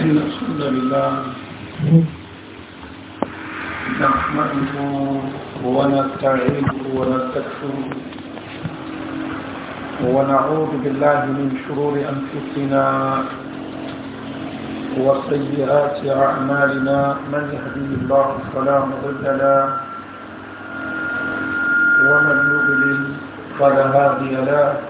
إن الحمد لله نحمده ونستعينه ونستكفره ونعوذ بالله من شرور أنفسنا وسيئات أعمالنا من يهدي الله فلا مضل له ومن يضلل فلا هادي له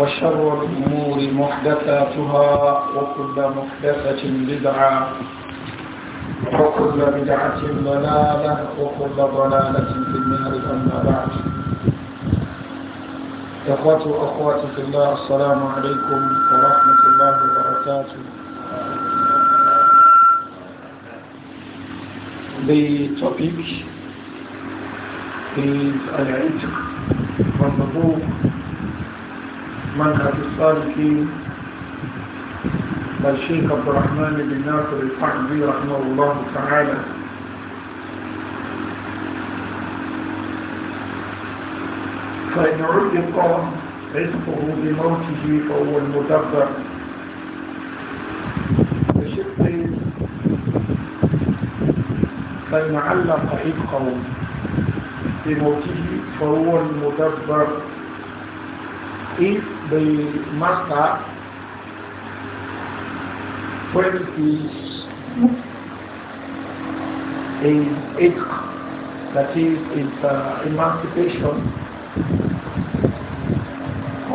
وشر الأمور محدثاتها وكل محدثة بدعة وكل بدعة ضلالة وكل ضلالة في النار أما بعد إخوتي وأخواتي في الله السلام عليكم ورحمة الله وبركاته The topic is al-Itq from the book منهج الصالحين الشيخ عبد الرحمن بن ناصر الصحبي رحمه الله تعالى فإن علق رزقه بموته فهو المدبر بشق فإن علق رزقه بموته فهو المدبر إذ إيه؟ the master when he is in that is its uh, emancipation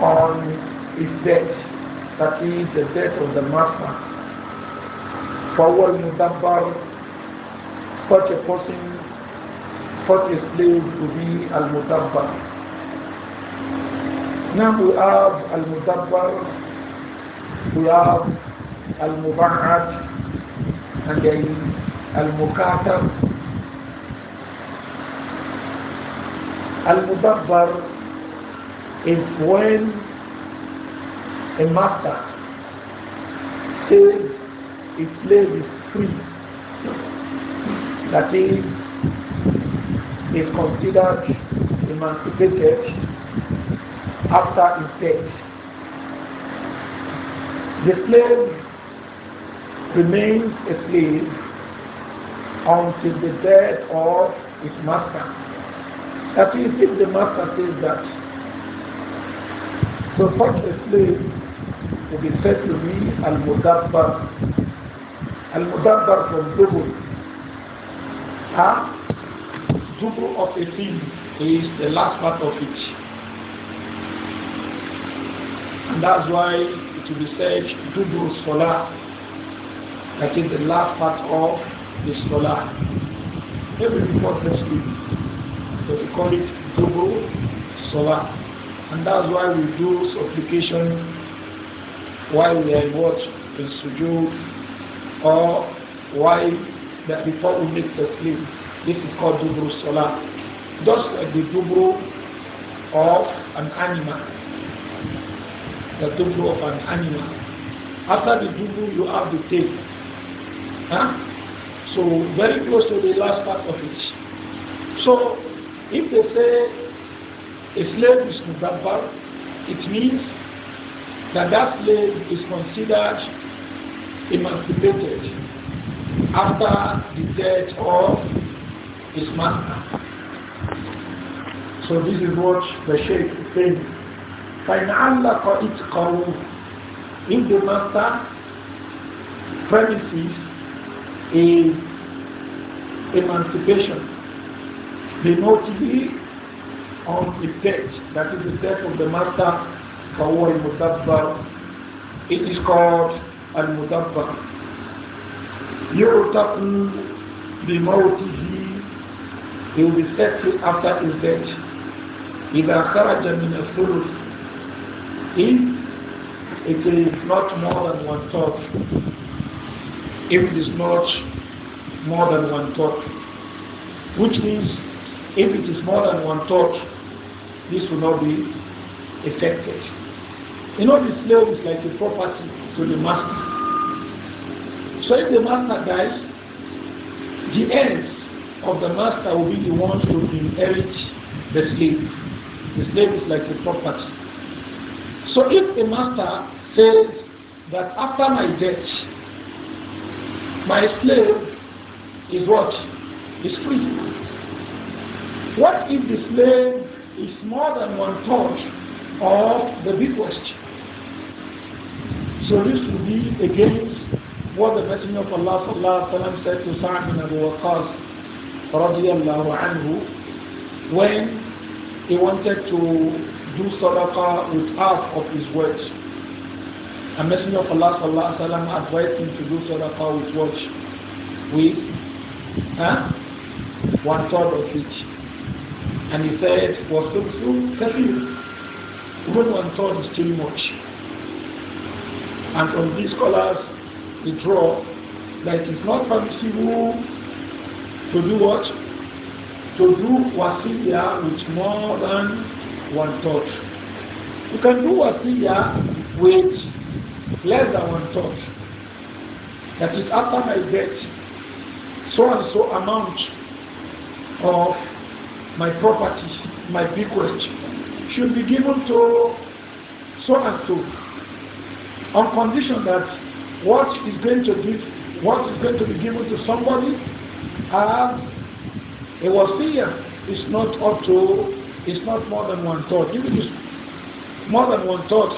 on its death, that is the death of the master. that مُدَبَّرْ Such a person, such a slave to be al-mudabbar. Now we have Al-Mudabbar, we have Al-Mubahad, and then Al-Mukatab. Al-Mudabbar is when a master says his slave is free. That is, is considered emancipated after his death. The slave remains a slave until the death of his master. That is if the master says that. So such a slave will be said to be Al-Mudabbar. Al-Mudabbar from Dubur. Huh? Dubur of a thing is the last part of it. And that's why it will be said, Dubu Salah, that is the last part of the Salah. Maybe before Thanksgiving. So we call it Dubu Salah. And that's why we do supplication while we are in what? In sujood or why that before we make the sleep. This is called Dubru Salah. Just like the Dubru of an animal the dubu of an animal. After the dubu, you have the tail. Huh? So very close to the last part of it. So if they say a slave is mudabbar, it means that that slave is considered emancipated after the death of his master. So this is what the Sheikh is saying. فإن علق إتقاه in the master premises in emancipation the notice on the page that is the step of the master Kawo al-Mutabbar is called You will Yurutaku the motive he will be set after his death إذا خرج من if it is not more than one third, if it is not more than one talk, which means if it is more than one talk, this will not be affected. You know, the slave is like a property to the master. So if the master dies, the heirs of the master will be the ones to inherit the slave. The slave is like a property. So if a master says that after my death, my slave is what? Is free. What if the slave is more than one third of the bequest? So this will be against what the Messenger of Allah sallallahu said to Sa'd bin Abu Waqqas when he wanted to do sadaqah with half of his wealth. A messenger of Allah sallallahu wa wasallam advised him to do sadaqah with watch With huh? one third of it. And he said, was so kathir. Even one third is too much. And from these scholars, they draw that it is not permissible to do what? To do wasiya with more than one touch. You can do a here with less than one touch. That is after my death, so and so amount of my property, my bequest, should be given to so and so on condition that what is going to be what is going to be given to somebody uh, it was fear is not up to it's not more than Even If it is more than one thought,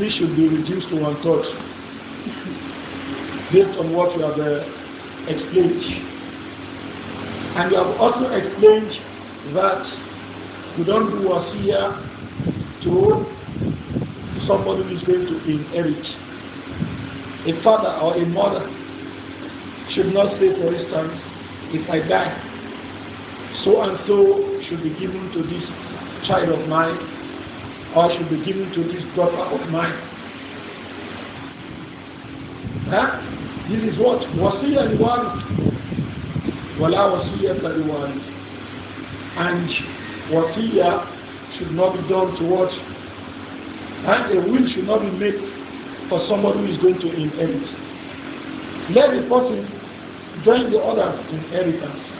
we should be reduced to one thought, based on what we have uh, explained. And we have also explained that we don't do wasiya to somebody who is going to inherit. A father or a mother should not say, for instance, if I die, so and so should be given to this child of mine or should be given to this daughter of mine. Huh? This is what? Wasiya al Wala wasiya al And wasiya should not be done towards and a will should not be made for somebody who is going to inherit. Let the person join the others in inheritance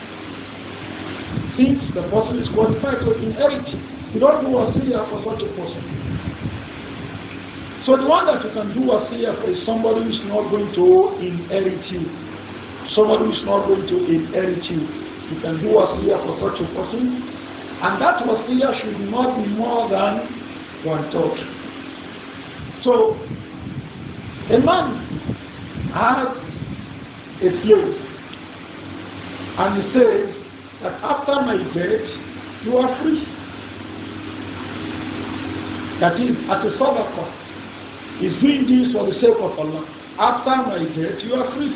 since the person is qualified to inherit. You don't do wasiya for such a person. So the one that you can do wasiya for is somebody who is not going to inherit you. Somebody who is not going to inherit you. You can do wasiya for such a person. And that wasiya should not be more than one third. So a man has a slave and he says, after my death, you are free. That is, at the sadaqah, he's doing this for the sake of Allah. After my death, you are free.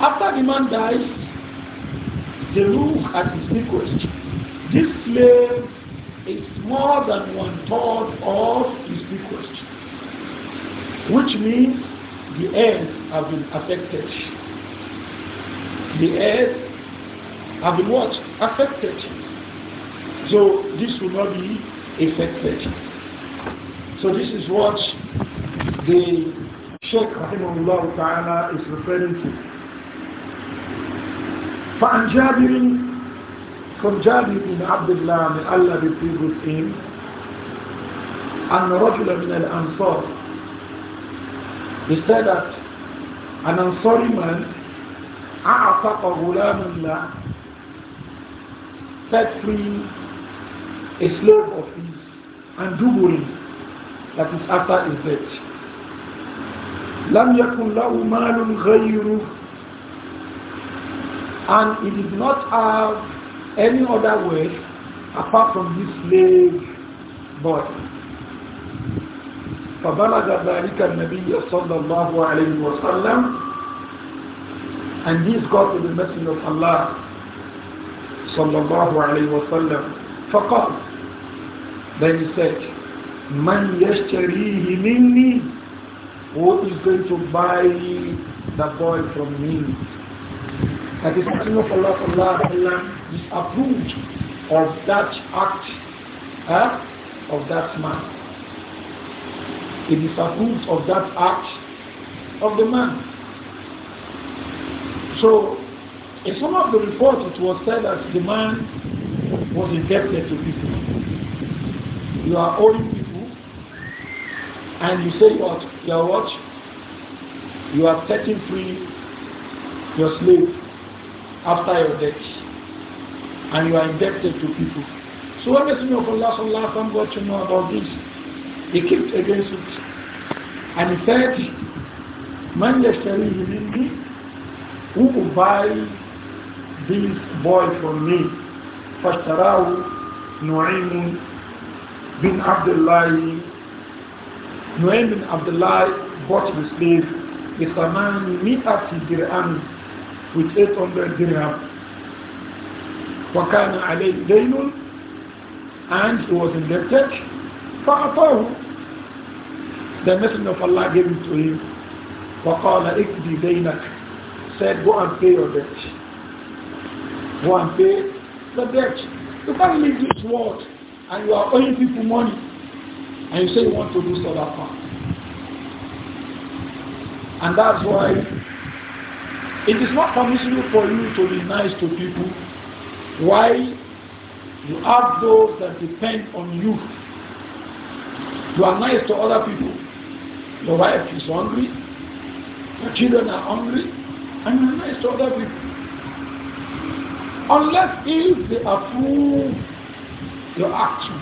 After the man dies, they look at his request. This slave is more than one third of his bequest, which means the heirs have been affected. The heirs have been what? Affected. So this will not be affected. So this is what the Sheikh Rahimahullah Ta'ala is referring to. فعن جابر from جابر بن عبد الله من الله be pleased with him أن رجلا من الأنصار he said that an Ansari man أعتق غلاما له set free a slave of his and do duburin that is after his death. لم يكن له مال غيره and he did not have any other wealth apart from this slave boy. فبلغ ذلك النبي صلى الله عليه وسلم and this got to the Messenger of Allah صلى الله عليه وسلم فقال then he said من يشتريه مني who is going to buy the boy from me that is Messenger of Allah sallallahu alaihi is approved of that act huh, eh, of that man It is approved of that act of the man so in some of the reports, it was said that the man was indebted to people. You are owing people, and you say what? You are what? You are setting free your slave after your death, and you are indebted to people. So when Messenger of Allah Sallallahu Alaihi got to know about this, he kicked against it, and he said, "Man yashtari minni, who will buy this boy from me فاشتراه نعيم بن عبد الله نعيم بن عبد bought the slave بثمانمائة dirham. with 800 dirham وكان عليه دين and he was indebted فأعطاه The Messenger of Allah gave it to him وقال اكدي دينك said go and pay your debt Go and pay the debt. You can't live this world and you are owing people money and you say you want to do sadaqa. And that's why it is not permissible for you to be nice to people Why you have those that depend on you. You are nice to other people. Your wife is hungry, your children are hungry, and you are nice to other people. Unless if they approve your action,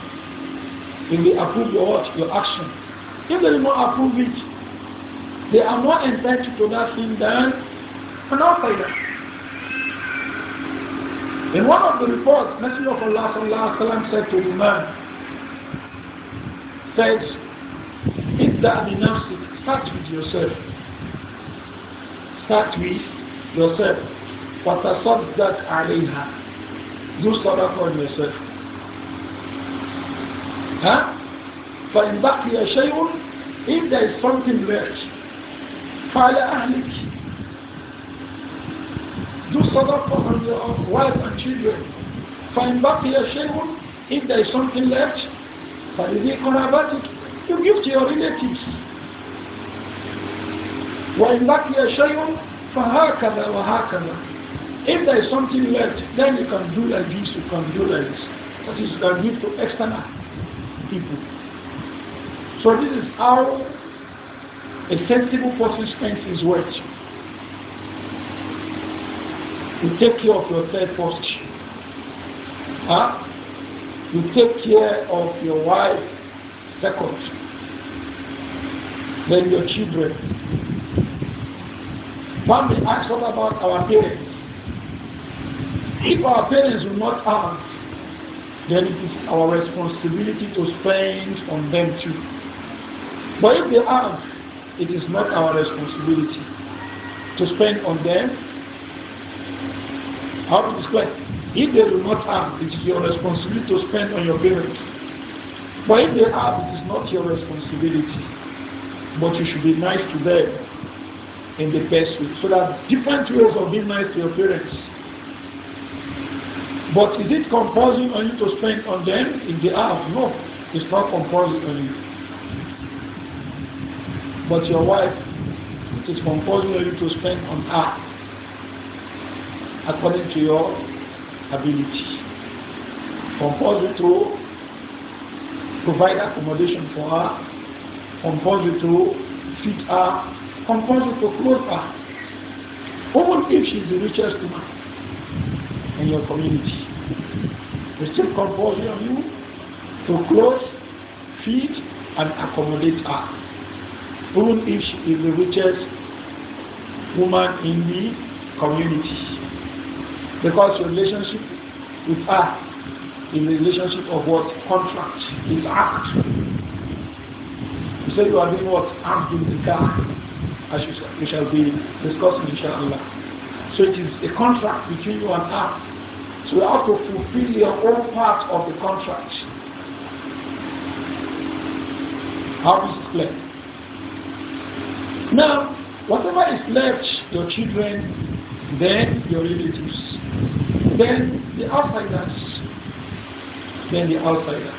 if they approve your what? Your action. If they do not approve it, they are more entitled to that thing than an outsider. In one of the reports, Messenger of Allah sallallahu alaihi said to the man, says, "Ibda enough? Start with yourself. Start with yourself. فتصدق عليها do صدقة on yourself ها فإن بقي شيء if there is something left فعلى أهلك do صدقة on your wife and children فإن بقي شيء if there is something left فلذي قرابتك you give to your relatives وإن بقي شيء فهكذا وهكذا If there is something left, then you can do like this, you can do like this. That is, you can give to external people. So this is how a sensible person spends his wealth. You take care of yourself first. Huh? You take care of your wife second. Then your children. Family ask us about our parents. If our parents will not ask, then it is our responsibility to spend on them too. But if they ask, it is not our responsibility to spend on them. How to spend? If they do not ask, it is your responsibility to spend on your parents. But if they ask, it is not your responsibility. But you should be nice to them in the best way. So there are different ways of being nice to your parents. But is it compulsory on you to spend on them in the have? No, it's not compulsory on you. But your wife, it is compulsory on you to spend on her according to your ability. Compulsory to provide accommodation for her, compulsory to feed her compulsory to clothe her, even if she's the richest woman in your community. It's still compulsory on you to clothe, feed, and accommodate her. Even if she is the richest woman in the community. Because relationship with her is a relationship of what? Contract. is act. You say you are doing what? I'm doing the car. As we shall be discussing, inshallah. So it is a contract between you and her so you have to fulfill your own part of the contract. How is it clear? Now, whatever is left, your children, then your relatives, then the outsiders, then the outsider.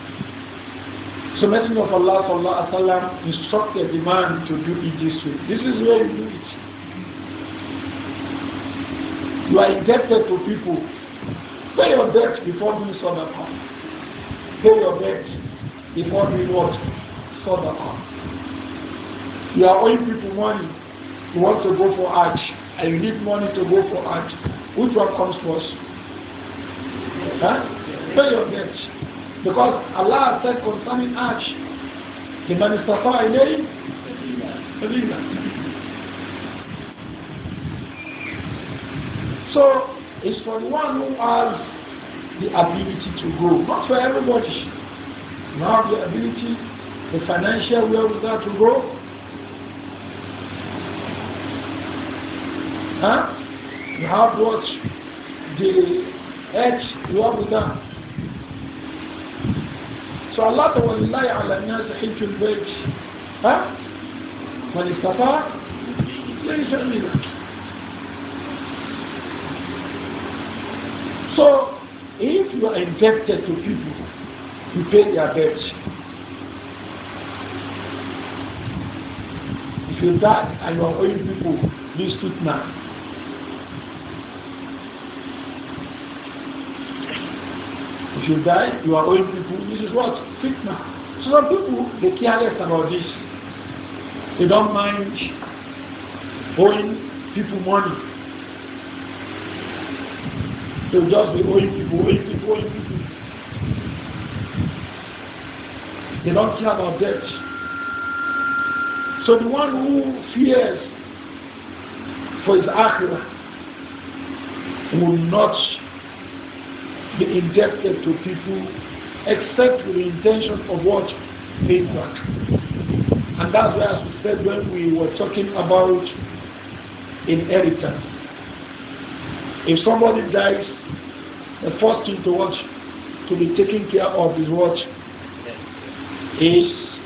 So Messenger of Allah sallallahu alaihi wasallam instructed the man to do it this way. This is where you do it. You are indebted to people Pay your debt before doing sadaqa. Pay your debt before doing what? Sadaqa. You are owing people money. You want to go for Hajj. And you need money to go for Hajj. Which one comes first? Huh? Pay your debt. Because Allah said concerning Hajj, the man is سبيلا So is for the one who has the ability to grow, not for everybody. You have the ability, the financial wherewithal to grow. Huh? You have what the edge wherewithal. So Allah Ta'ala على الناس حج البيت ها من استطاع ليس منه So if you are indebted to people, you pay their debt. If you die and you are owing people this tooth now, If you die, you are owing people. This is what? Fitna. So some people, they care less about this. They don't mind owing people money. They'll just be old people, old people, They don't care about death. So the one who fears for his akhirah will not be indebted to people except with the intention of what? they back. And that's why, as we said when we were talking about inheritance, if somebody dies the first thing to watch, to be taken care of is what? Is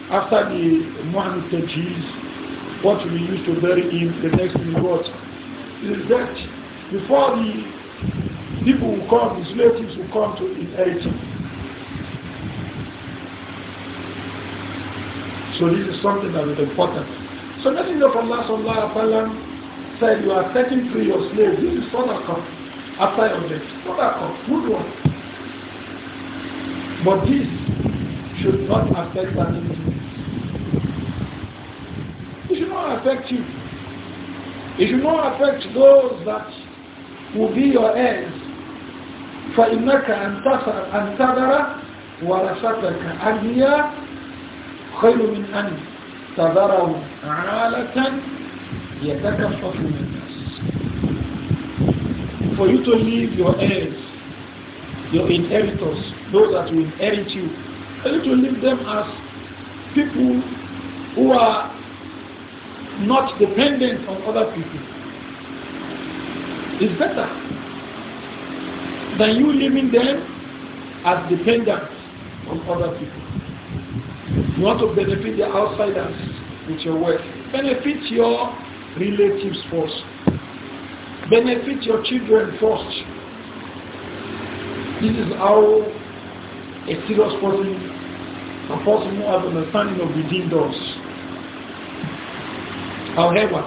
after the Muhammad Tajiz, what we used to bury him, the next thing is what? Is that before the people will come, his relatives will come to inherit him. So this is something that is important. So nothing of Allah sallallahu alayhi wa sallam said, you are setting free your slaves. This is sadaqah. after your death. What are called? Good ones. But this should not affect an individual. It should not affect you. It should not affect those that will be your heirs. For and and فإنك أن a ورثتك أنيا خير من أن تذرهم عالة يتكفف منه for you to leave your heirs, your inheritors, those that will inherit you, for you to leave them as people who are not dependent on other people. It's better than you leaving them as dependent on other people. You want to benefit the outsiders with your work. Benefit your relatives first. Benefit your children first. This is how a serious person, a person who has understanding of the deen does. However,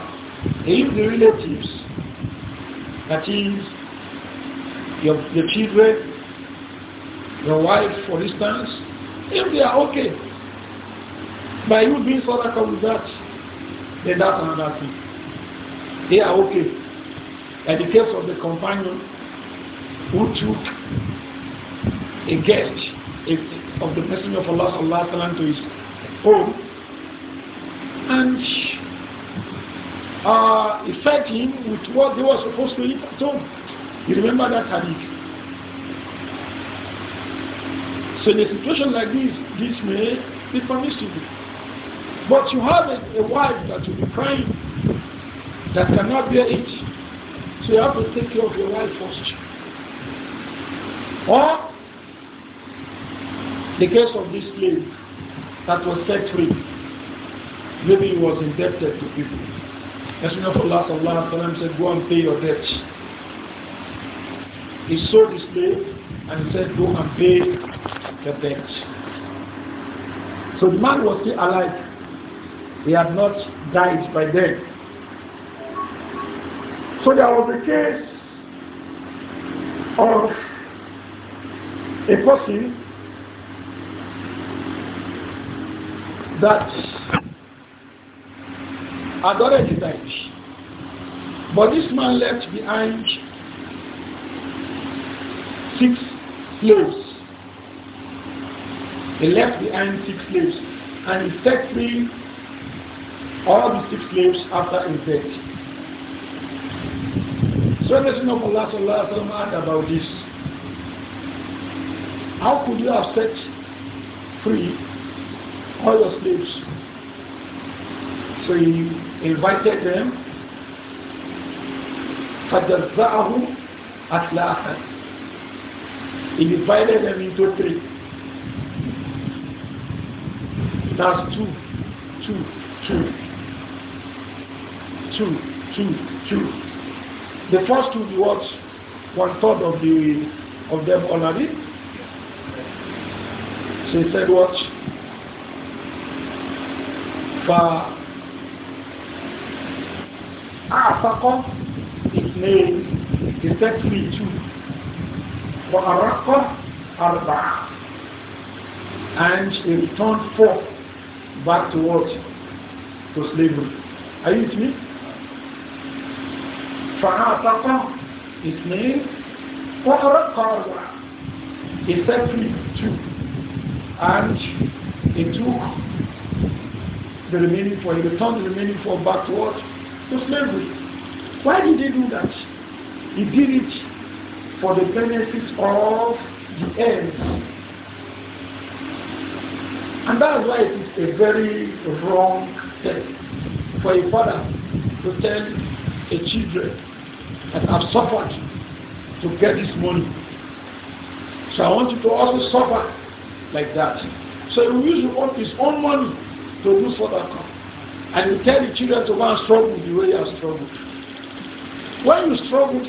if the relatives, that is, your, your children, your wife, for instance, if they are okay, by you doing sadaqah with that, then that's another thing. They are okay. Like the case of the companion who took a guest of the Messenger of Allah sallallahu alaihi wasallam to his home and uh, he fed him with what they were supposed to eat at home. You remember that hadith? So in a situation like this, this may be permissible. But you have a, a wife that will be crying, that cannot bear it. So you have to take care of your wife first. Or the case of this slave that was set free, maybe he was indebted to people. Messenger of last, sallallahu alayhi said, go and pay your debt. He sold his slave and said, go and pay the debt. So the man was still alive. He had not died by then. So there was a case of a person that had already died. But this man left behind six slaves. He left behind six slaves and he set free all the six slaves after his death. So let of Allah sallallahu alayhi wa about this. How could you have set free all your slaves? So he invited them. فَجَزَّعَهُمْ أَسْلَاحًا He divided them into three. That's two, two, two, two, two, two. The first two rewards, one third of the of them already. So he said what? For Afako, ah, his name, he said to me too. For Arako, Arba. And he returned forth back towards To slavery. Are you with me? فعاتق it means وأرقى he set free two and he took the remaining four he returned the remaining four back to what to slavery why did he do that he did it for the benefit of the heirs and that's why it is a very wrong thing for a father to tell a children that have suffered to get this money. So I want you to also suffer like that. So he will use his own money to do for that. And he tell the children to go and struggle the way you have struggled. When you struggled,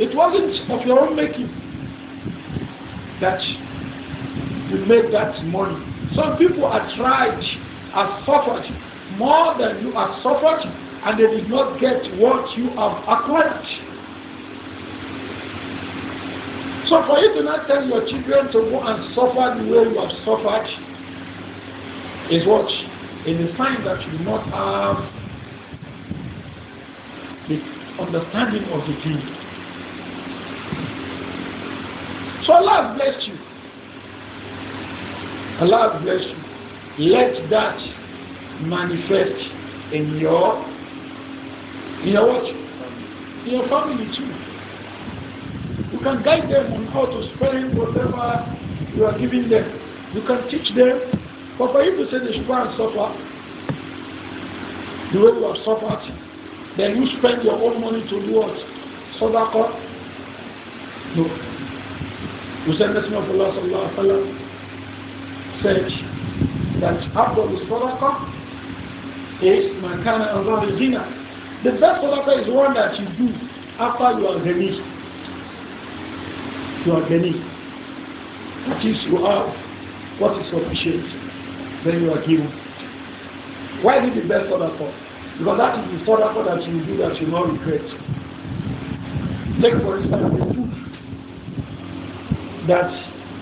it wasn't of your own making that you made that money. Some people are tried, have suffered more than you have suffered, and they did not get what you have acquired. So for you to not tell your children to go and suffer the way you have suffered is what? Is a sign that you do not have the understanding of the truth. So Allah bless you. Allah bless you. Let that manifest in your in your what? In your family too. You can guide them on how to spend whatever you are giving them. You can teach them. But for you to say they should go and suffer, the way you have suffered, then you spend your own money to do what? Sadaqah? No. You said Messenger of Allah sallallahu alayhi wa sallam said that after the sadaqah is makana al zina. The best sadaqah is one that you do after you are released you are gaining. What is you have what is sufficient, then you are given. Why did the best order for? Because that is the of for that you do that you not regret. Take for instance the food that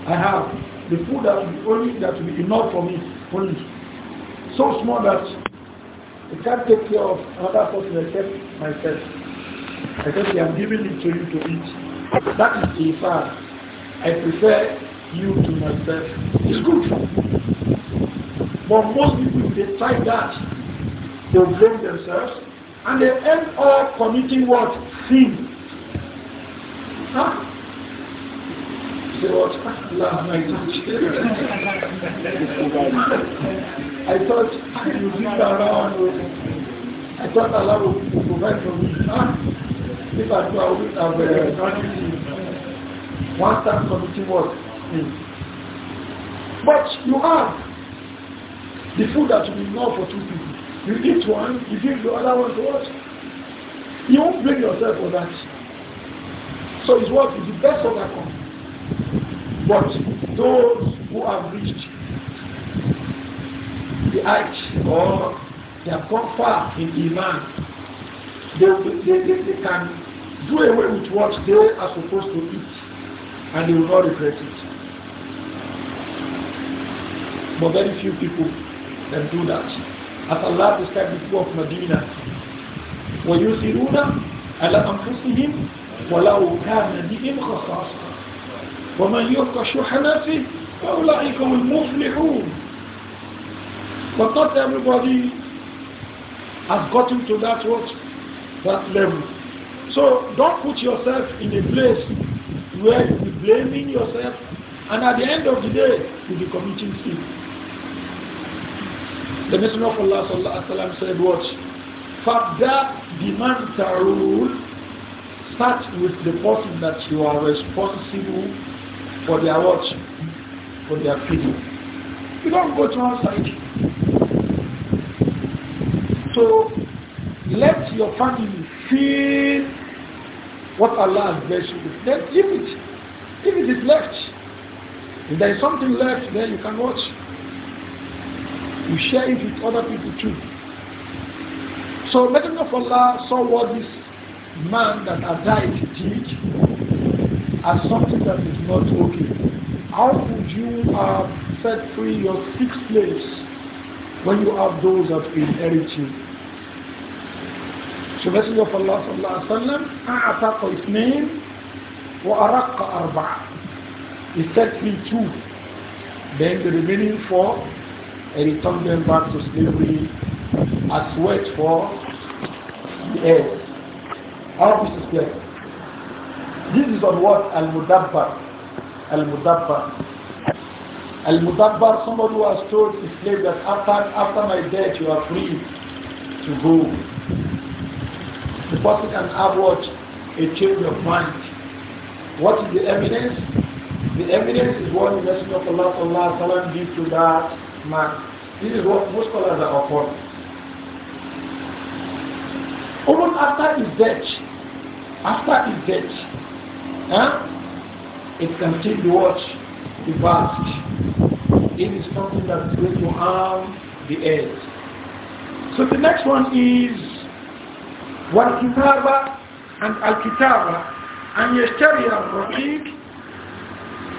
I have, the food that will be only that will be enough for me only. So small that I can't take care of another person except myself. I said, I am giving it to you to eat. That is the far. I prefer you to myself. It's good. But most people, they try that. They blame themselves and they end up committing what? Sin. Huh? Say what? Allah, my I thought I would sit around. I thought Allah would provide for me. Huh? If I do, I have one time committing what? Mm. But you have the food that you need for two people. You eat one, you give the other one to what? You won't blame yourself for that. So it's what is the best outcome. But those who have reached the height or they have come far in Iman, they, they, they, they can do away with what they are supposed to eat and they will not regret it. But very few people can do that. As Allah described the people of Medina, وَيُسِرُونَ عَلَى أَنفُسِهِمْ وَلَوْ كَانَ بِهِمْ خَصَاصَةً وَمَنْ يُوقَ شُحَ نَفْسِهِ فَأُولَئِكَ الْمُفْلِحُونَ But not everybody has gotten to that what that level. So don't put yourself in a place where you'll be blaming yourself and at the end of the day you'll be committing sin. The Messenger of Allah sallallahu alaihi wasallam said what? Fabda demand tarul start with the person that you are responsible for their watch, for their feeding. You don't go to outside. So let your family feel what Allah has blessed you with, then leave it. If it is left, if there is something left, then you can watch. You share it with other people too. So Messenger of Allah saw what this man that had died did as something that is not okay. How could you have set free your sixth slaves when you have those that inherit you? So Messenger of Allah sallallahu alaihi wasallam أعتق اثنين وأرق أربعة. He set me two. Then the remaining four, and he turned them back to slavery as wage for the heirs. How is this is clear? This is on what al-mudabbar, al-mudabbar. Al-mudabbar, somebody who has told his slave that after after my death you are free to go. The person can have what? A change of mind. What is the evidence? The evidence is what the Messenger of Allah sallallahu alaihi wasallam did to that man. This is what most scholars are upon. Even after his death, after his death, huh, it can take the watch, the vast. It is something that is going to harm the earth. So the next one is والكتابة and Al-Kitaba and يشتري الرقيق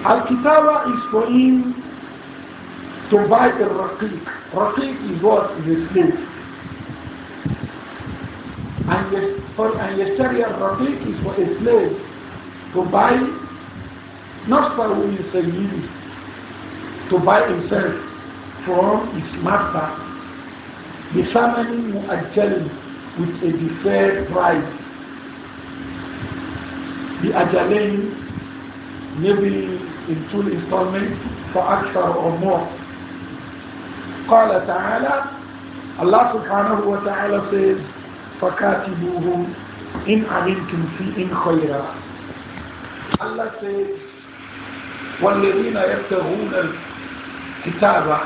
Al-Kitaba is for him to buy the raqiq. Raqiq is what? Is a slave. And, yes, for, and يشتري is for a slave to buy Not a يسليه to buy himself from his master The بثمن مؤجل with a deferred price. The ajalain maybe in two installments for أكثر or more. قال تعالى Allah سبحانه wa ta'ala says فَكَاتِبُوهُ إِنْ عَلِمْتُمْ إِنْ خَيْرًا Allah says وَالَّذِينَ يَبْتَغُونَ الْكِتَابَ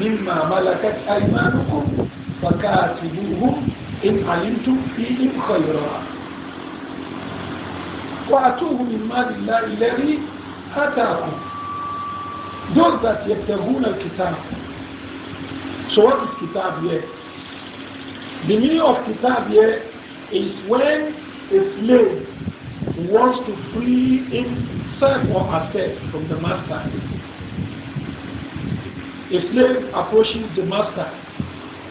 مِمَّا مَلَكَتْ أَيْمَانُكُمْ فَكَاتِبُوهُمْ إن علمتم فيهم خيرا وأتوه من مال الله الذي آتاكم those that يبتغون الكتاب so what is kitab here the meaning of kitab here is when a slave wants to free himself or herself from the master a slave approaches the master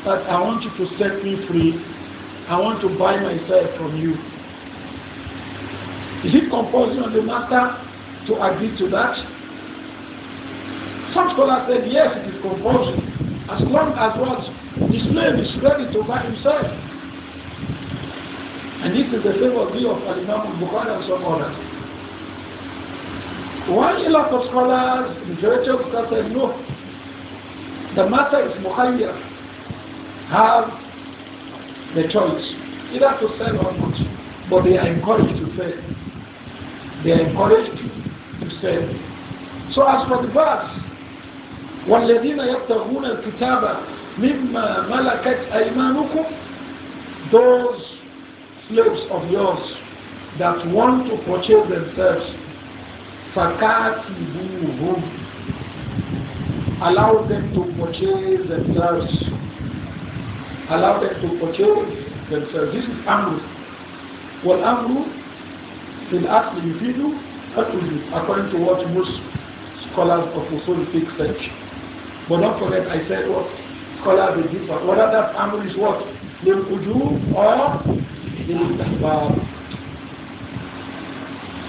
that I want you to set me free I want to buy myself from you. Is it compulsory on the matter to agree to that? Some scholars said yes, it is compulsory. As long as what the slave is ready to buy himself. And this is the favorite view of Imam Bukhari and some others. One lot of scholars, majority of scholars said no. The matter is muhayyar. Have the choice either to sell or not, but they are encouraged to sell. They are encouraged to sell. So as for the verse, والذين يبتغون الكتاب مما ملكت أيمانكم those slaves of yours that want to purchase themselves فكاتبوهم allow them to purchase themselves allow them to portray themselves. This is amru. Well, amru will ask the individual according to what most scholars of Usul fiqh said. But don't forget, I said what scholars will differ. Whether that amru is what? Lil Uju or Lil Istihbab.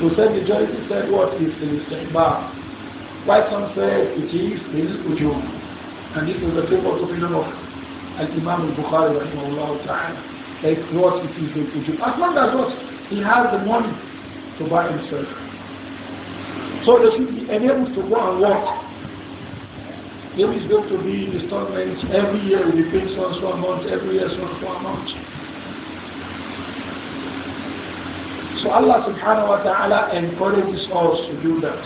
So said majority said what is Lil Istihbab. Why some say it is Lil Uju. And this is the favorite opinion of Al-Imam al-Bukhari rahimahullah ta'ala. Like what it is going to do. As long as what he has the money to buy himself. So they should be enabled to go and work. There is it's going to be installments every year will be paid so and every year so and so amount. So Allah subhanahu wa ta'ala encourages us to do that.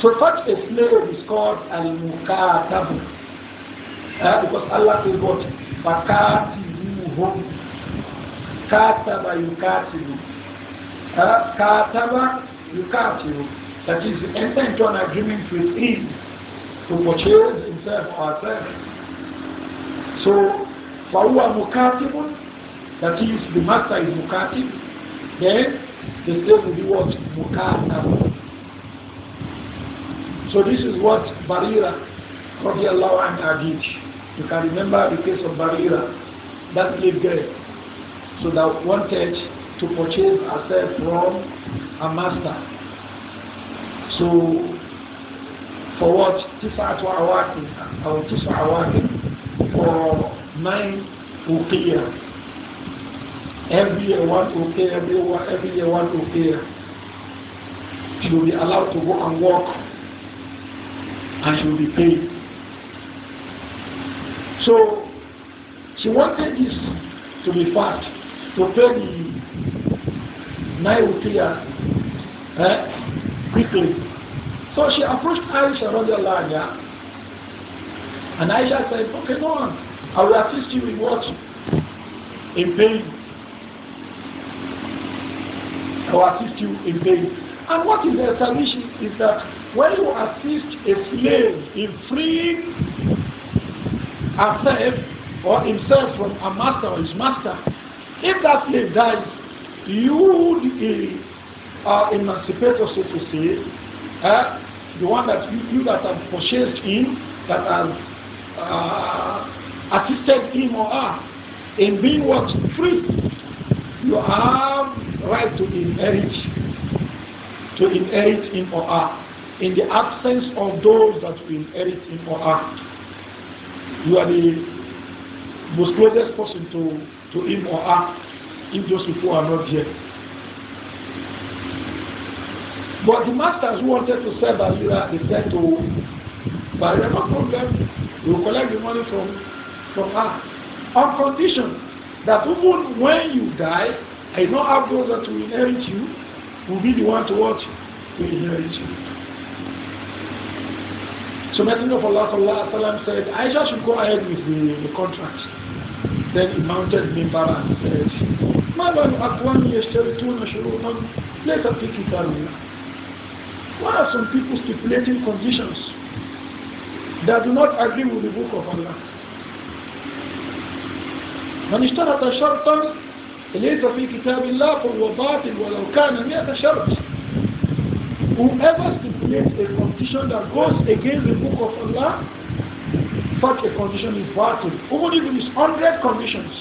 So such a slave is called al-mukatabu because Allah says what? فَكَاتِبُوهُمْ كَاتَبَ يُكَاتِبُ uh, كَاتَبَ yukatibu. That is, enter into an agreement with him to purchase himself or herself. So, فَهُوَ مُكَاتِبٌ That is, the master is mukatib. Then, the slave will be what? Mukatab. So this is what Barira radiallahu anha did. You can remember the case of Barira, that lived girl, so that wanted to purchase herself from a master. So for what? to awakin, uh, or tisa'atu awakin, for nine uqiyah. Every year one uqiyah, every, every year one uqiyah she will be allowed to go and work and she will be paid. So she wanted this to be fast, to pay the Nairutia eh, quickly. So she approached Aisha radiallahu and Aisha said, okay, go on. I will assist you in what? In paying. I will assist you in paying. And what is the solution is that when you assist a slave in freeing herself or himself from a master or his master. If that slave dies, you, the uh, emancipator, so to say, uh, the one that you, you that have purchased him, that has uh, assisted him or her in being what free, you have right to inherit, to inherit him or her in the absence of those that will inherit him or her you are the most closest person to, to him or her if those people are not here. But the masters who wanted to sell Basira, they said to are not problem, we will collect the money from, from her on condition that even when you die, I know how those that will inherit you will be the one to watch to inherit you. So Messenger of Allah sallallahu alayhi wa said, Aisha should go ahead with the, the contract. Then he mounted Mimbar and said, ماذا أقوام يشترطون شروطا ليس في كتاب الله Why are some people stipulating conditions that do not agree with the book of Allah? من اشترط شرطا ليس في كتاب الله فهو باطل ولو كان مئة شرط Whoever a condition that goes against the book of Allah, such a condition is vital. even if it is 100 conditions.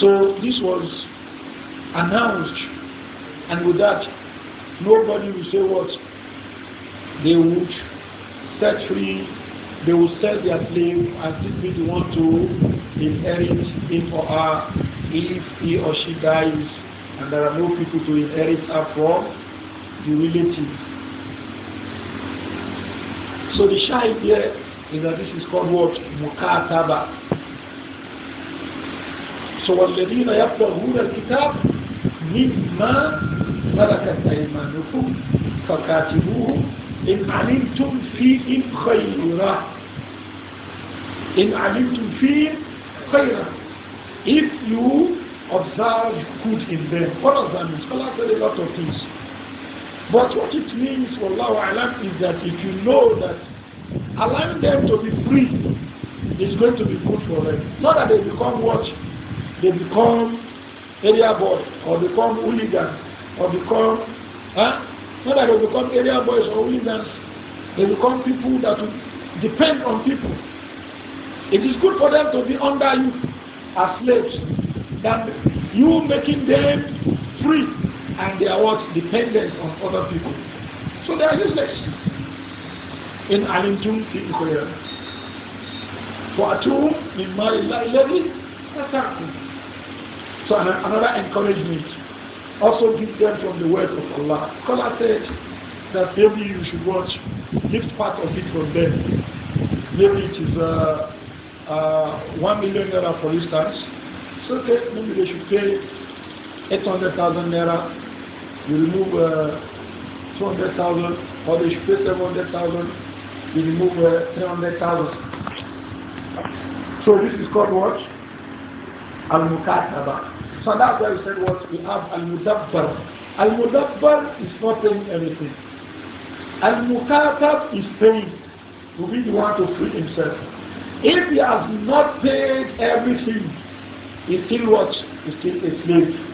So this was announced, and with that, nobody will say what they would set free, they will say their slave as if we want to inherit him or her if he or she dies and there are no people to inherit her from the relative. So the shy here is that this is called what? Mukataba. So the والذين يبتغون الكتاب مما ملكت أيمانكم فكاتبوهم إن علمتم فيهم خيرا إن علمتم فيهم خيرا If you observe good in them, what does that mean? Allah said a lot of things. But what it means, for Wallahu Alam, is that if you know that allowing them to be free is going to be good for them. Not that they become what? They become area boys or become hooligans or become, huh? not that they become area boys or hooligans, they become people that depend on people. It is good for them to be under you as slaves than you making them free and they are what dependent on other people. So they are useless. In Korea. For a وَأَتُوهُمْ in my إِلَّا that's أَتَاكُمْ So another encouragement. Also give them from the word of Allah. Because I said that maybe you should watch, gift part of it from them. Maybe it is uh, uh, 1 million naira for instance. So maybe they should pay 800,000 naira you remove uh, 200,000 or they should 700,000, you remove uh, 300,000. So this is called what? Al-Mukataba. So that's why we said what we have Al-Mudabbar. Al-Mudabbar is not paying everything. Al-Mukatab is paying to be the one to free himself. If he has not paid everything, he still what? He still a slave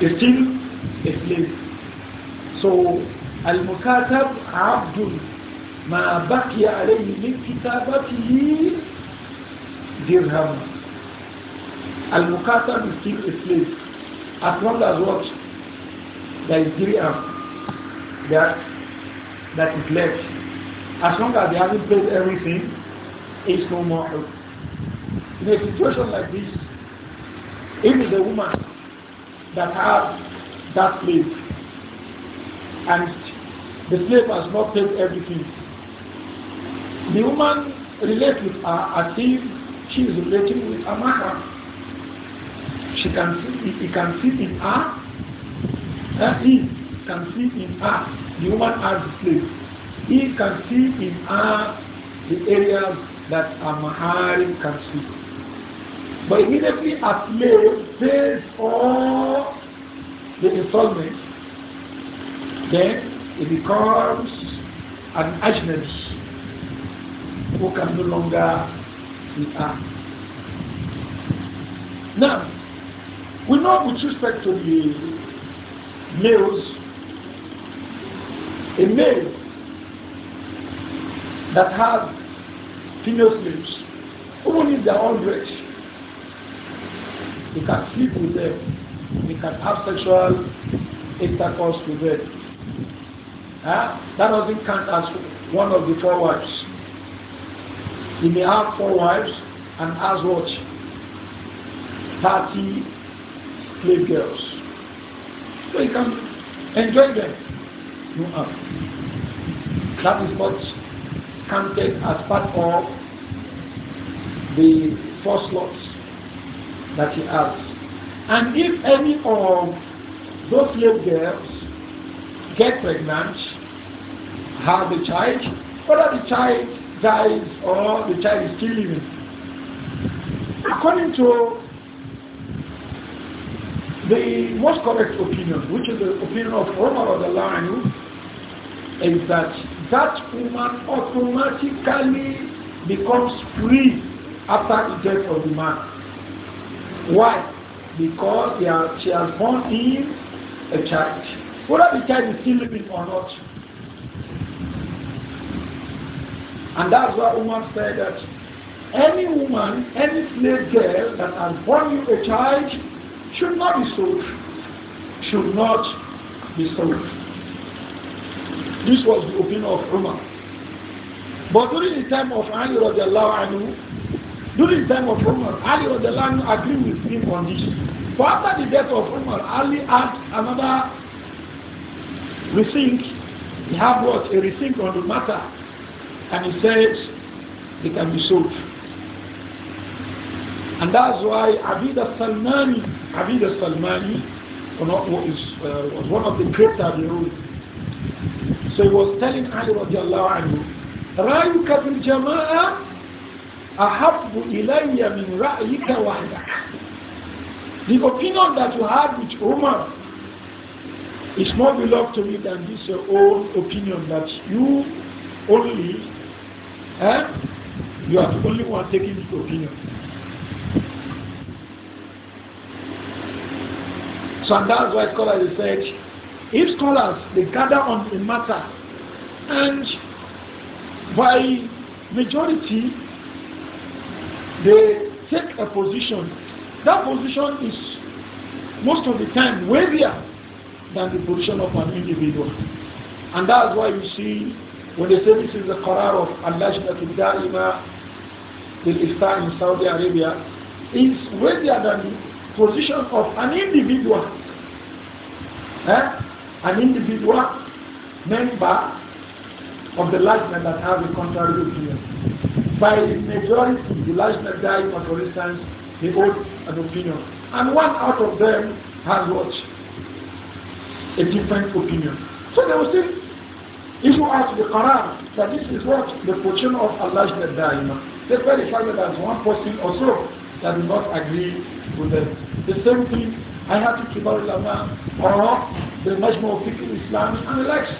still a slave. So Abdul, عبد ما بقي عليه من dirham. al المكاتب is still a slave. As long as what there is dirham that that is left. As long as they haven't paid everything, it's no more. In a situation like this, it's a woman that have that place. and the slave has not paid everything. The woman relates with her as if she is relating with a man. She can see, he can see in her, that he can see in her, the woman as the slave. He can see in her the areas that a maharim can see. But immediately as slave pays all the installment, then it becomes an agent who can no longer be her. Now, we know with respect to the males, a male that has female slaves, who if their own all he can sleep with them. He can have sexual intercourse with them. Huh? That doesn't count as one of the four wives. He may have four wives and as much 30 slave girls. So he can enjoy them. No harm. Uh, that is not counted as part of the four slots that he has. And if any of those slave girls get pregnant, have the child, whether the child dies or the child is still living, according to the most correct opinion, which is the opinion of Omar of the Lion, is that that woman automatically becomes free after the death of the man. Why? Because has, she has born him a child. Whether the child is still living or not. And that's why Umar said that any woman, any slave girl that has born you a child should not be sold. Should not be sold. This was the opinion of Umar. But during the time of Ali radiallahu anhu, during the time of Umar, Ali was the land agreed with him on this. So after the death of Umar, Ali had another rethink. He had what? A rethink on the matter. And he said, it can be sold. And that's why Abid al-Salmani, Abid al-Salmani uh, was one of the great tabi'un. So he was telling Ali radiallahu anhu, رَأَيُكَ فِي الْجَمَاعَةِ أحب إلي من رأيك وحدك The opinion that you had with Omar is more beloved to me than this your own opinion that you only, eh, you are the only one taking this opinion. So and that's why scholars said, if scholars they gather on a matter and by majority they take a position. That position is most of the time wavier than the position of an individual. And that's why you see when they say this is the Quran of Allah lajnatul Da'ima the Iftar in Saudi Arabia, is wavier than the position of an individual. Eh? An individual member of the Lajna that has a contrary opinion by the majority, the large majority, for instance, they hold an opinion. And one out of them has what? A different opinion. So they will say, if you ask the Quran that this is what the position of Allah is Daima, they verify that there's one person or so that will not agree with them. The same thing, I have to Kibar Lama or the Majmu of Fiqh Islam and the likes.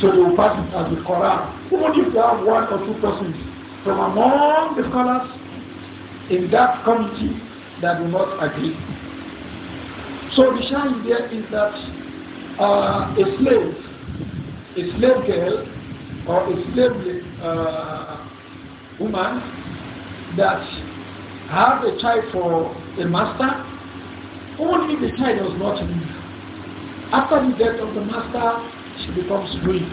So they will pass it as the Quran. Even if they have one or two persons from among the scholars in that committee that do not agree. So the challenge there is that uh, a slave, a slave girl or a slave uh, woman that have a child for a master, only the child does not leave. After the death of the master, she becomes free.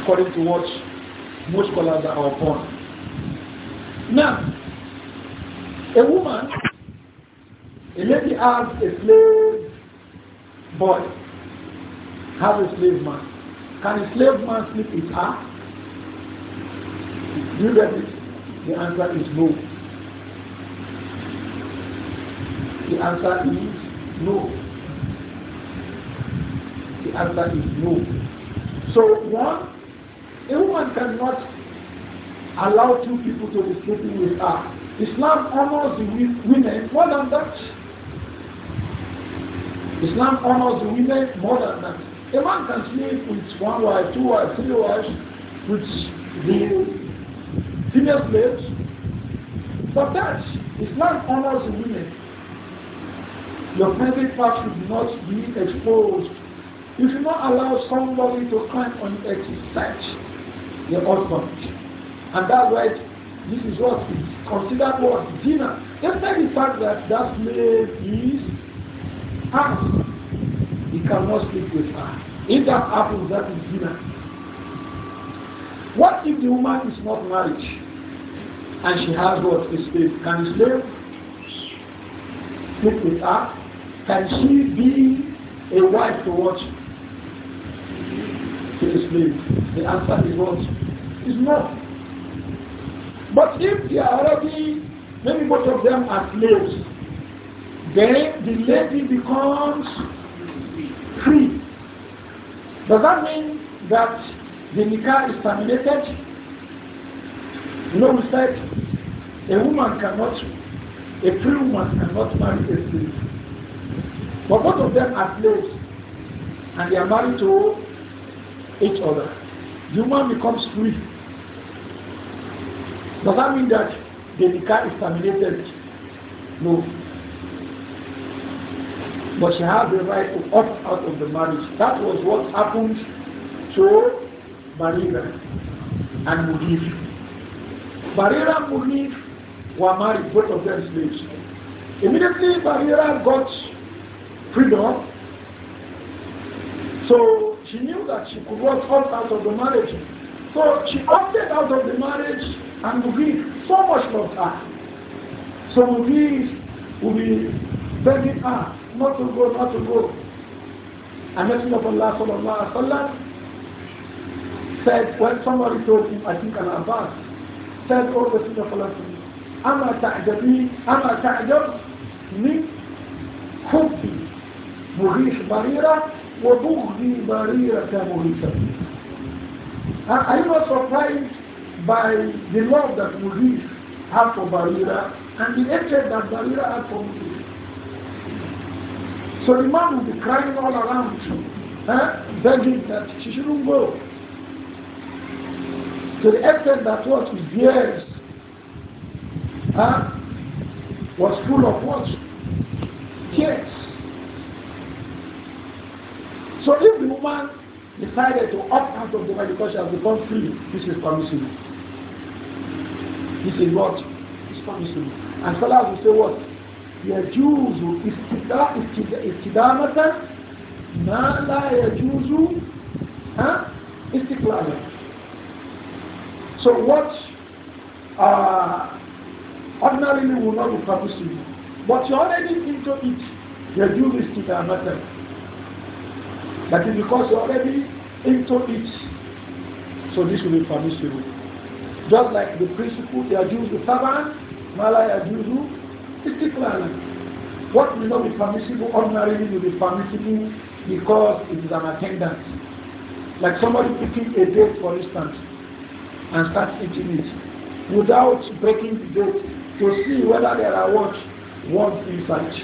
According to what most colors are upon. Now, a woman, a lady has a slave boy, has a slave man. Can a slave man sleep with her? Do you get it? The answer is no. The answer is no. The answer is no. So one, a woman cannot allow two people to be sleeping with her. Islam honors the women more than that. Islam honors the women more than that. A man can sleep with one wife, two wives, three wives, with the female slaves. But that, Islam honors the women. Your private part should not be exposed You should not allow somebody to climb on touch your husband. And that's why this is what is considered what dinner. Despite the fact that that slave is asked, he cannot sleep with her. If that happens, that is dinner. What if the woman is not married and she has what is slave? Can the slave sleep with her? Can she be a wife to watch? to a slave? The answer is what? Is not. But if they are already, maybe both of them are slaves, then the lady becomes free. Does that mean that the nikah is terminated? You know, we said a woman cannot, a free woman cannot marry a slave. But both of them are slaves and they are married to each other. The woman becomes free. Does that mean that the nikah is terminated? No. But she has the right to opt out of the marriage. That was what happened to Barira and Munif. Barira and Munif were married, both of them slaves. Immediately Barira got freedom. So she knew that she could work out of the marriage. So she opted out of the marriage and be so much more time. So these will be begging her not to go, not to go. And Messenger of Allah sallallahu alaihi wasallam said when somebody told him, I think an Abbas, said, Oh Messenger of Allah, أما تعجبي أما تعجب من حب مغيث بريرة وَبُغْضِي بَرِيرَةَ مُغِيثَ Are you not surprised by the love that Mughith had for Barira and the hatred that Barira had for Mughith? So the man will be crying all around eh, begging that she shouldn't go. So the extent that was years eh, was full of what? Tears. So if the woman decided to opt out of the marriage because she has become free, this is permissible. This is what it's permissible. And scholars will say what? The Jews who يجوز استدامة ما لا يجوز استقلالا. So what uh, ordinarily will not be permissible, but you already into it, يجوز استدامة That is because you are already into it. So this will be permissible. Just like the principle, they the Jews, the Taban, Malaya Jews, Istiklala. What will not be permissible ordinarily will be permissible because it is an attendance. Like somebody picking a date, for instance, and starts eating it without breaking the date to see whether there are what wants inside.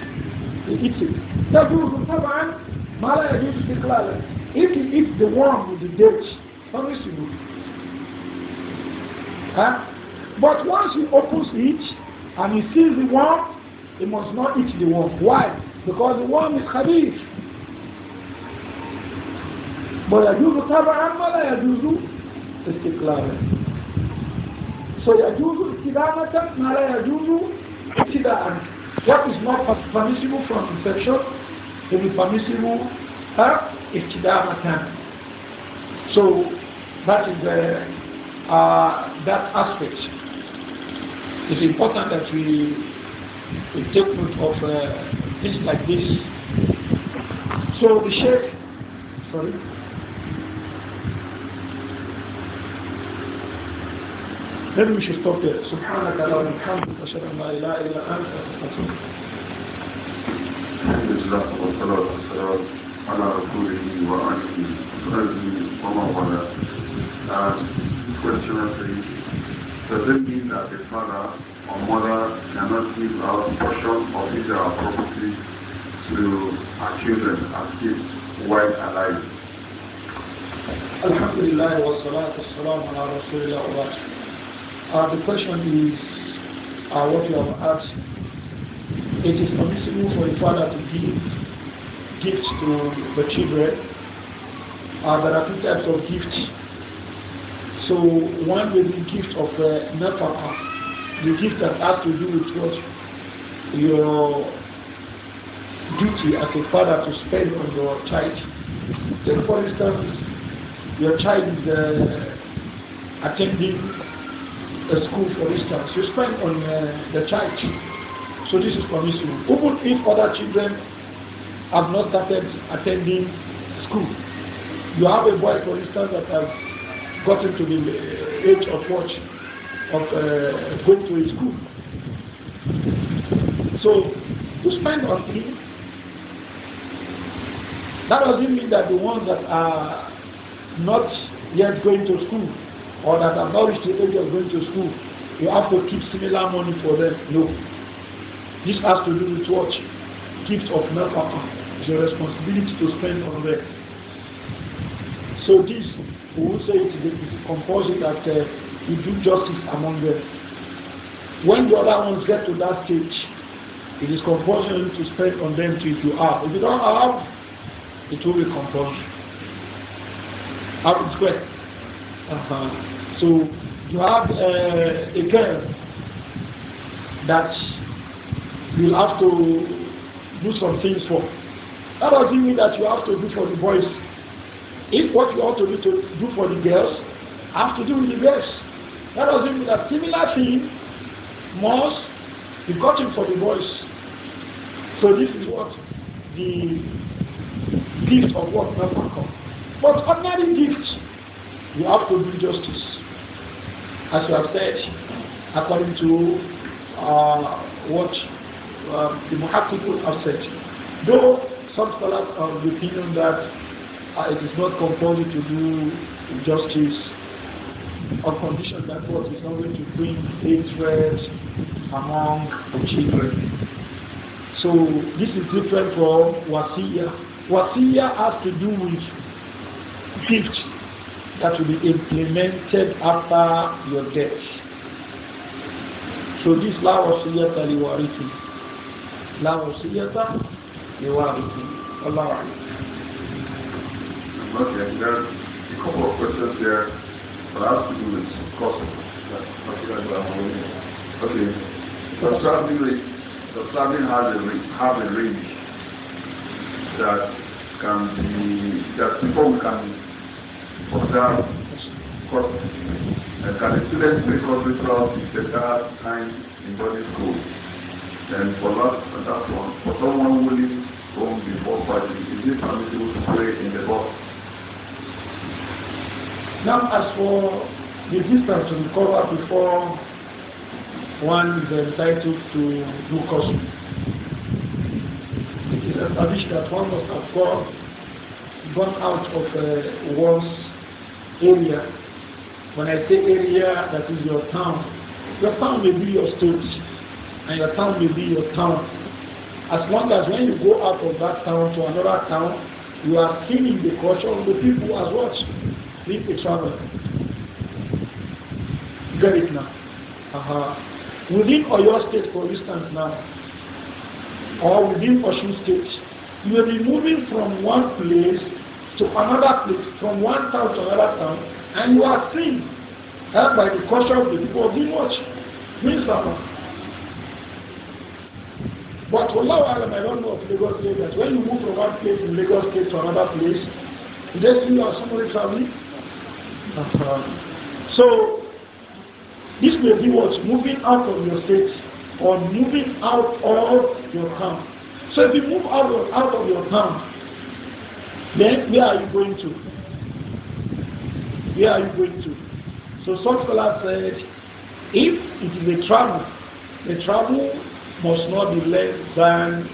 He eats it. The Jews, the Taban, Mala Yajuzu Tiklala. If you eat the worm with the date, obviously you huh? But once he opens it and he sees the worm, he must not eat the worm. Why? Because the worm is khabith. But Yajuzu Taba'an Mala the Istiklala. So Yajuzu Istidanatan Mala Yajuzu Istidan. What is not permissible from infection will be permissible huh? iftidamatan. So that is the, uh, uh, that aspect. It's important that we, we take note of uh, things like this. So the Sheikh, sorry. Maybe we should stop there. سبحانك اللهم وبحمدك أشهد أن لا إله إلا أنت أستغفرك الحمد لله والصلاة والسلام على رسوله والاه. question three, does it mean that a father or mother cannot give out portion of his or property to our children as kids while alive? الحمد لله والصلاة والسلام على رسول الله Uh, the question is uh, what you have asked it is permissible for a father to give gifts to the children. Uh, there are two types of gifts. So one will be gift of uh, nafaka, the gift that has to do with what your duty as a father to spend on your child. Take for instance, your child is uh, attending a school, for instance. You spend on uh, the child so this is permissible. Even if other children have not started attending school, you have a boy, for instance, that has gotten to the age of what of uh, going to his school. So to spend on him, that doesn't mean that the ones that are not yet going to school or that have not reached the age of going to school, you have to keep similar money for them. No. This has to do with what? Gift of nafaqah. It's your responsibility to spend on them. So this, we would say it is composite that uh, you do justice among them. When the other ones get to that stage, it is compulsory to spend on them till you have. If you don't have, it will be compulsory. Out of square. Uh -huh. So you have uh, a girl that you'll have to do some things for. That doesn't mean that you have to do for the boys. If what you have to do, to do for the girls, have to do with the girls. That doesn't mean that similar thing must be gotten for the boys. So this is what the gift of what come. But ordinary gift, you have to do justice. As you have said, according to uh, what uh, the muhakkikul have said. Though some scholars are of the opinion that uh, it is not compulsory to do justice on condition that what is not going to bring hatred among the children. So this is different from wasiya. Wasiya has to do with gift that will be implemented after your death. So this law was wasiya taliwariti. لا وصية لوارث الله أعلم Okay, there are a couple of questions there, but I have to do with crossing. Okay, subscribing the subscribing has a have a range that can be, that people can observe can the students make crossing the entire time in body school? then for that, for that one, for someone who leaves home before fighting, is it permissible to pray in the box? Now, as for the distance to recover before one is entitled to do caution, it is established that one must have gone, gone out of uh, one's area. When I say area, that is your town. Your town may be your state and your town will be your town. As long as when you go out of that town to another town, you are seeing the culture of the people as well. Meet the traveler. Get it now. Uh -huh. Within Oyo State, for instance, now, or within Osun State, you will be moving from one place to another place, from one town to another town, and you are seen uh, by the culture of the people of the watch. Means that but Allah Alam, I don't know of Lagos State that when you move from one place in Lagos State to another place, you just see you are somebody's family. So this may be what moving out of your state or moving out of your town. So if you move out of, out of your town, then where are you going to? Where are you going to? So some scholars said if it is a travel, a travel must not be less than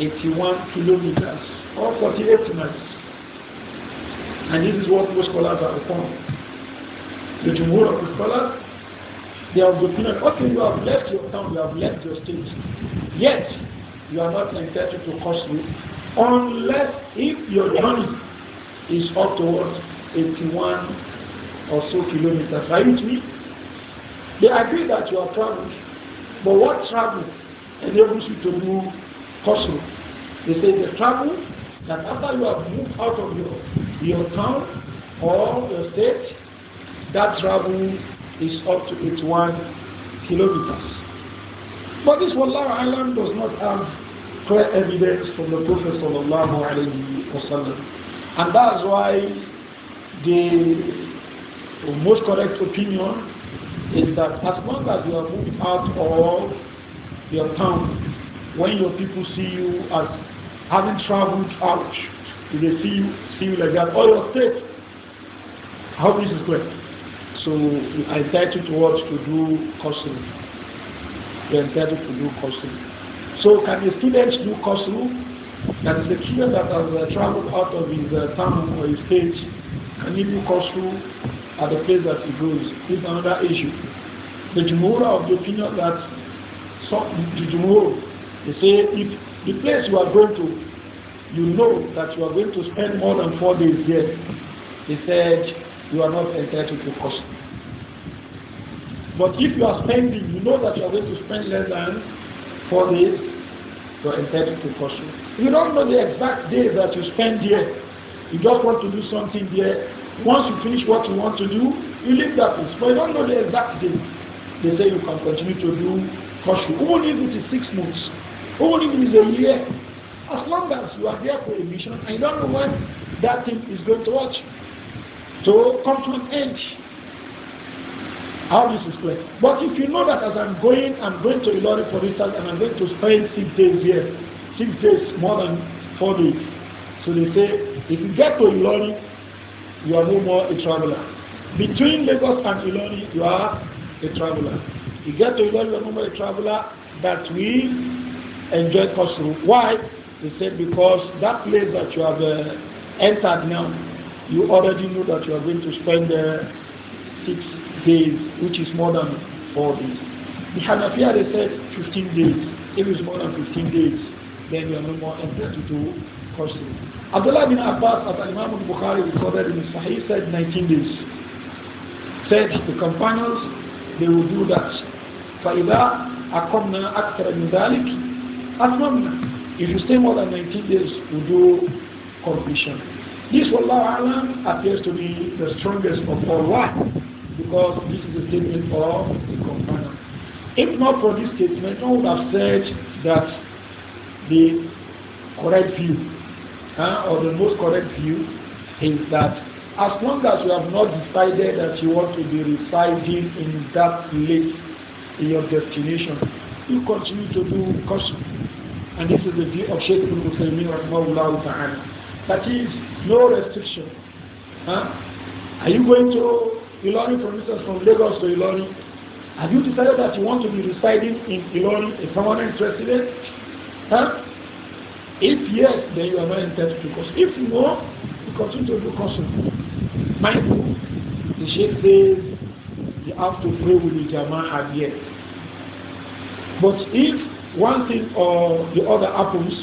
81 kilometers or 48 miles. And this is what most scholars are upon. The Jumhur of the scholars, they have declared: opinion, okay, you have left your town, you have left your state, yet you are not entitled to costly unless if your journey is up towards 81 or so kilometers. Are you with me? They agree that you are traveling but what travel enables you to do caution? They say the travel that after you have moved out of your, your town or your state, that travel is up to 81 kilometers. But this Wallahu Island does not have clear evidence from the Prophet Sallallahu Alaihi Wasallam. And that's why the most correct opinion is that as long as you are moved out of your town, when your people see you as having traveled out, they see you, see you like that, or your state, how this is correct. So I invite you to what to do costume. You're entitled to do costume. So can the students do costume? That is the student that has uh, traveled out of his uh, town or his state, can he do costume? at the place that he goes. is another issue. The Jumhur of the opinion that so, the Jumhur, they say if the place you are going to, you know that you are going to spend more than four days there, they said you are not entitled to cost. But if you are spending, you know that you are going to spend less than four days, you are entitled to caution. You don't know the exact day that you spend there. You just want to do something there once you finish what you want to do, you leave that place. But you don't know the exact date. They say you can continue to do kosher. Even if it is six months, even if it is a year, as long as you are there for a mission and you don't know when that thing is going to watch. So come to an end. How this is clear? But if you know that as I'm going, I'm going to Ilori for instance, and I'm going to spend six days here, six days more than four days. So they say, if you get to Ilori, you are no more a traveler. Between Lagos and Ilori, you are a traveler. You get to Ilori, you are no more a traveler But we enjoy Kosuru. Why? They said because that place that you have uh, entered now, you already know that you are going to spend uh, six days, which is more than four days. The Hanafiya, they said 15 days. If it's more than 15 days, then you are no more entitled to Muslim. Abdullah bin Abbas, as Imam bukhari recorded in his Sahih, said 19 days. Said the companions, they will do that. فَإِذَا أَقَمْنَا أَكْثَرَ مِنْ ذَلِكِ أَتْمَمْنَا If you stay more than 19 days, we do completion. This, Wallahu Alam, appears to be the strongest of all. Why? Because this is a statement of the companion. If not for this statement, I would have said that the correct view uh, or the most correct view is that as long as you have not decided that you want to be residing in that place, in your destination, you continue to do caution. And this is the view of Shaykh ibn Uthaymeen rahmahullah ta'ala. That is, no restriction. Huh? Are you going to Ilori, for instance, from Lagos to Ilori? Have you decided that you want to be residing in Ilori, a permanent interested? Huh? If yes, then you are not entitled to If no, you continue to do caution. Mindful. The Sheikh says you have to pray with the Jama'ah yet. But if one thing or the other happens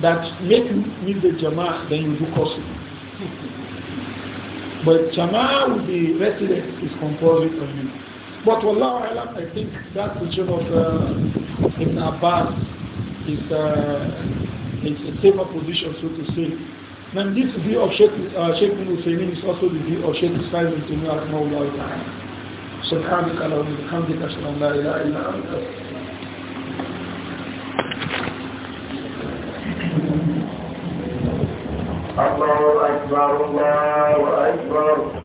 that make you miss the Jama'ah, then you do caution. But Jama will be resident is composed on you. But Wallahu Alam, I think that vision of uh, Ibn Abbas is uh, it's a safer position, so to say. Then this view of Shaykh uh, Sheikh is also the view of Sheikh Ismail bin Taymiyyah rahmahullah ta'ala. سبحانك اللهم وبحمدك اشهد ان لا اله الا انت الله اكبر الله اكبر